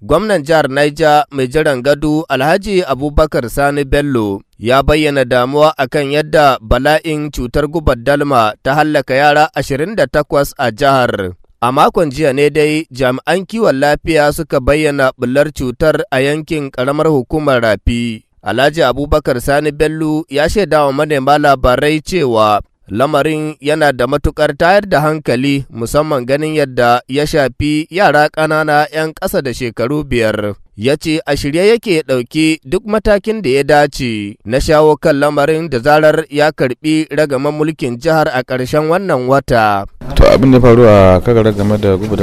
Gwamnan jihar Niger mai jiran gado Alhaji Abubakar Sani Bello ya bayyana damuwa akan yadda bala'in cutar gubar dalma ta hallaka yara 28 a jihar. A makon jiya ne dai jami'an kiwon lafiya suka bayyana bular cutar a yankin karamar hukumar rafi. Alhaji Abubakar Sani Bello ya shaidawa manema labarai cewa Lamarin yana da matukar tayar da hankali musamman ganin yadda ya shafi yara ƙanana 'yan ƙasa da shekaru biyar. Ya ce a shirye yake ɗauki duk matakin da ya dace na shawo kan lamarin da zarar ya karɓi ragaman mulkin jihar a ƙarshen wannan wata. To abin da faru a kagara da gubu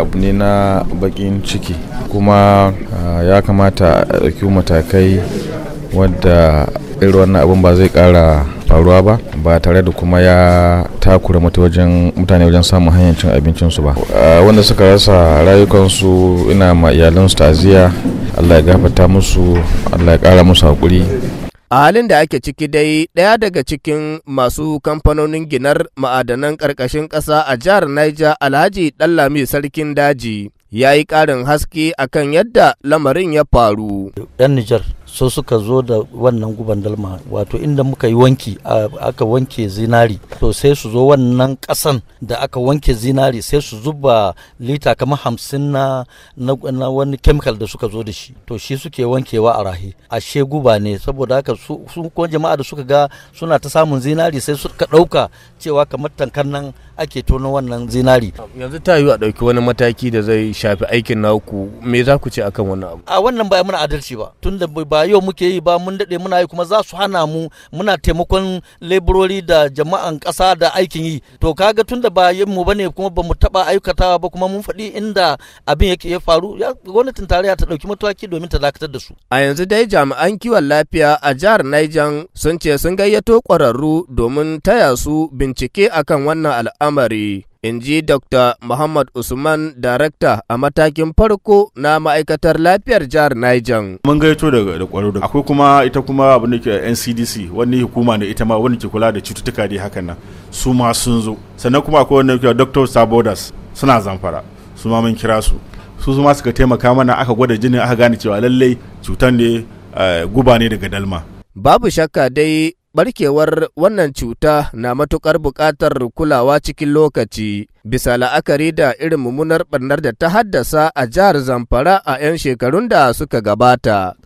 abu ne na baƙin ciki kuma ya kamata a ɗauki matakai wadda irin wannan abin ba zai kara faruwa ba ba tare da kuma ya takura mutane wajen samun hanyar cin abincinsu ba wanda suka rasa rayukansu ina ma iyalansu taziya allah ya gafata musu allah ya kara musu haƙuri a halin da ake ciki dai daya daga cikin masu kamfanonin ginar ma'adanan ƙarƙashin ƙasa a jihar niger alhaji ɗallami sarkin daji ya yi ƙarin haske akan yadda lamarin ya faru yan nijar so suka zo da wannan guban dalma wato inda muka yi wanki aka wanke zinari to sai su zo wannan kasan da aka wanke zinari sai su zuba lita kamar hamsin na, na, wani kemikal da suka zo da shi to shi suke wankewa a rahi ashe guba ne saboda haka su, su jama'a da suka ga suna ta samun zinari sai suka ɗauka cewa kamar tankan nan ake tono wannan zinari yanzu ta yi a ɗauki wani mataki da zai shafi aikin naku me za ku ce akan wannan abu a wannan ba muna adalci ba tun da ba ba yau muke yi ba mun daɗe muna yi kuma za su hana mu muna taimakon leburori da jama'an ƙasa da aikin yi to kaga tun da ba yin mu bane kuma ba mu taɓa aikatawa ba kuma mun faɗi inda abin yake ya faru gwamnatin tarayya ta ɗauki mataki domin ta dakatar da su. a yanzu dai jami'an kiwon lafiya a jihar Niger sun ce sun gayyato kwararru domin taya su bincike akan wannan al'amari. in ji Dr. Muhammad Usman, Darakta a matakin farko na ma'aikatar lafiyar jihar Niger. Mun gaito da kwaro da akwai kuma ita kuma abu ne ke NCDC wani hukuma da ita ma wani ke kula da cututtuka dai hakan nan su ma sun zo sannan kuma akwai wani ke Dr. Sabodas suna zamfara su ma mun kira su su su ma suka taimaka mana aka gwada jinin aka gane cewa lallai cutan ne eh, guba ne daga dalma. Babu shakka dai barkewar wannan cuta na matuƙar buƙatar kulawa cikin lokaci bisa la'akari da irin mummunar ɓarnar da ta haddasa a jihar zamfara a 'yan shekarun da suka gabata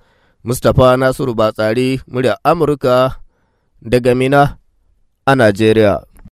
mustapha nasiru batsari murya amurka daga mina a najeriya